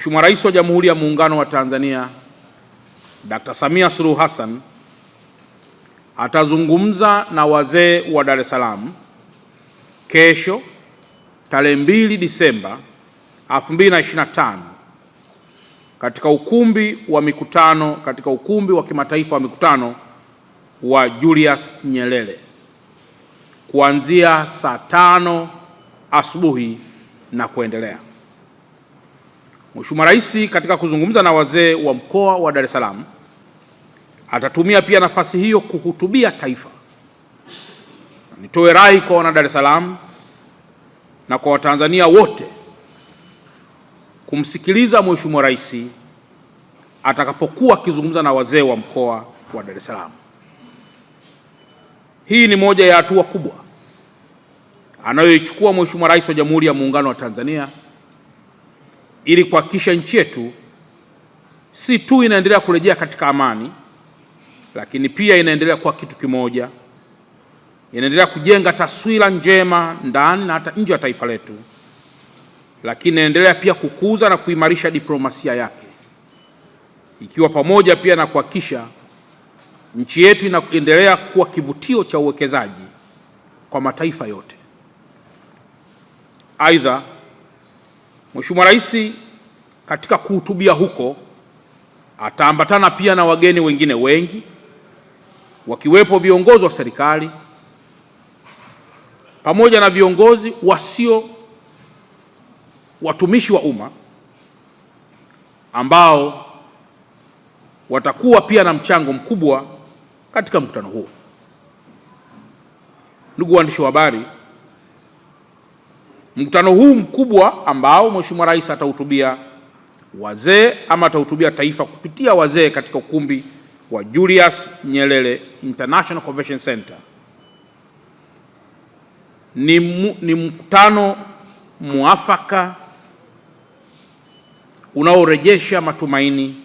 Mheshimiwa Rais wa Jamhuri ya Muungano wa Tanzania Dr. Samia Suluhu Hassan atazungumza na wazee wa Dar es Salaam kesho tarehe 2 Disemba 2025 katika ukumbi wa mikutano katika ukumbi wa kimataifa wa mikutano wa Julius Nyerere kuanzia saa tano asubuhi na kuendelea. Mheshimiwa Rais katika kuzungumza na wazee wa mkoa wa Dar es Salaam atatumia pia nafasi hiyo kuhutubia taifa. Nitoe rai kwa wana Dar es Salaam na kwa Watanzania wote kumsikiliza Mheshimiwa Rais atakapokuwa akizungumza na wazee wa mkoa wa Dar es Salaam. Hii ni moja ya hatua kubwa anayoichukua Mheshimiwa Rais wa Jamhuri ya Muungano wa Tanzania ili kuhakikisha nchi yetu si tu inaendelea kurejea katika amani, lakini pia inaendelea kuwa kitu kimoja, inaendelea kujenga taswira njema ndani na hata nje ya taifa letu, lakini inaendelea pia kukuza na kuimarisha diplomasia yake, ikiwa pamoja pia na kuhakikisha nchi yetu inaendelea kuwa kivutio cha uwekezaji kwa mataifa yote. Aidha, Mheshimiwa Rais katika kuhutubia huko ataambatana pia na wageni wengine wengi wakiwepo viongozi wa serikali pamoja na viongozi wasio watumishi wa umma ambao watakuwa pia na mchango mkubwa katika mkutano huo. Ndugu waandishi wa habari, mkutano huu mkubwa ambao Mheshimiwa Rais atahutubia wazee ama atahutubia taifa kupitia wazee katika ukumbi wa Julius Nyerere International Convention Center ni, mu, ni mkutano muafaka unaorejesha matumaini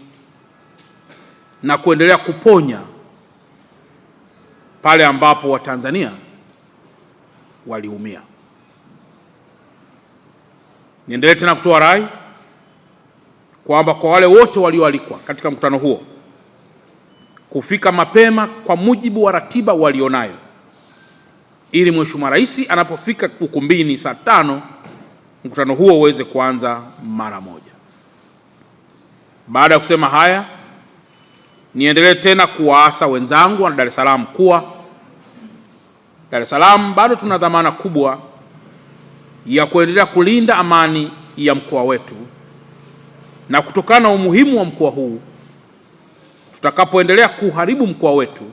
na kuendelea kuponya pale ambapo Watanzania waliumia. Niendelee tena kutoa rai kwamba kwa wale wote walioalikwa katika mkutano huo kufika mapema kwa mujibu wa ratiba walionayo, ili Mheshimiwa Rais anapofika ukumbini saa tano mkutano huo uweze kuanza mara moja. Baada ya kusema haya, niendelee tena kuwaasa wenzangu wa Dar es Salaam kuwa Dar es Salaam bado tuna dhamana kubwa ya kuendelea kulinda amani ya mkoa wetu, na kutokana na umuhimu wa mkoa huu, tutakapoendelea kuharibu mkoa wetu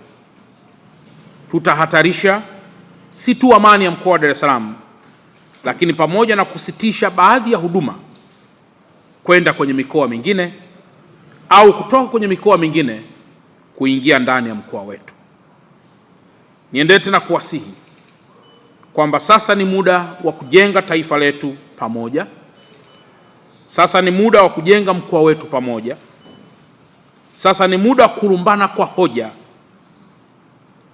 tutahatarisha si tu amani ya mkoa wa Dar es Salaam, lakini pamoja na kusitisha baadhi ya huduma kwenda kwenye mikoa mingine au kutoka kwenye mikoa mingine kuingia ndani ya mkoa wetu. Niendelee tena kuwasihi kwamba sasa ni muda wa kujenga taifa letu pamoja, sasa ni muda wa kujenga mkoa wetu pamoja, sasa ni muda wa kulumbana kwa hoja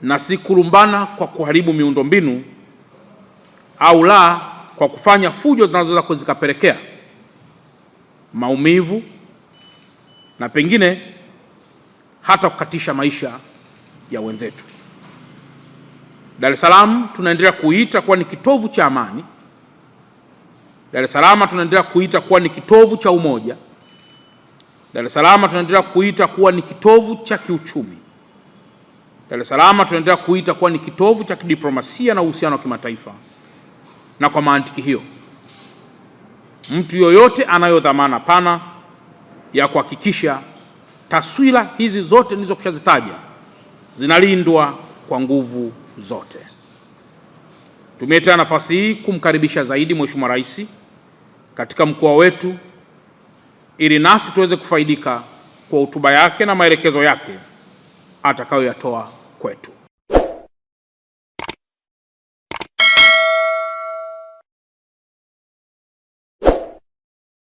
na si kulumbana kwa kuharibu miundombinu au la kwa kufanya fujo zinazoweza zikapelekea maumivu na pengine hata kukatisha maisha ya wenzetu. Dar es Salaam tunaendelea kuita kuwa ni kitovu cha amani. Dar es Salaam tunaendelea kuita kuwa ni kitovu cha umoja. Dar es Salaam tunaendelea kuita kuwa ni kitovu cha kiuchumi. Dar es Salaam tunaendelea kuita kuwa ni kitovu cha kidiplomasia na uhusiano wa kimataifa. Na kwa mantiki hiyo, mtu yoyote anayo dhamana pana ya kuhakikisha taswira hizi zote nilizokushazitaja zinalindwa kwa nguvu zote. Tumie tena nafasi hii kumkaribisha zaidi Mheshimiwa Rais katika mkoa wetu ili nasi tuweze kufaidika kwa hotuba yake na maelekezo yake atakayoyatoa kwetu.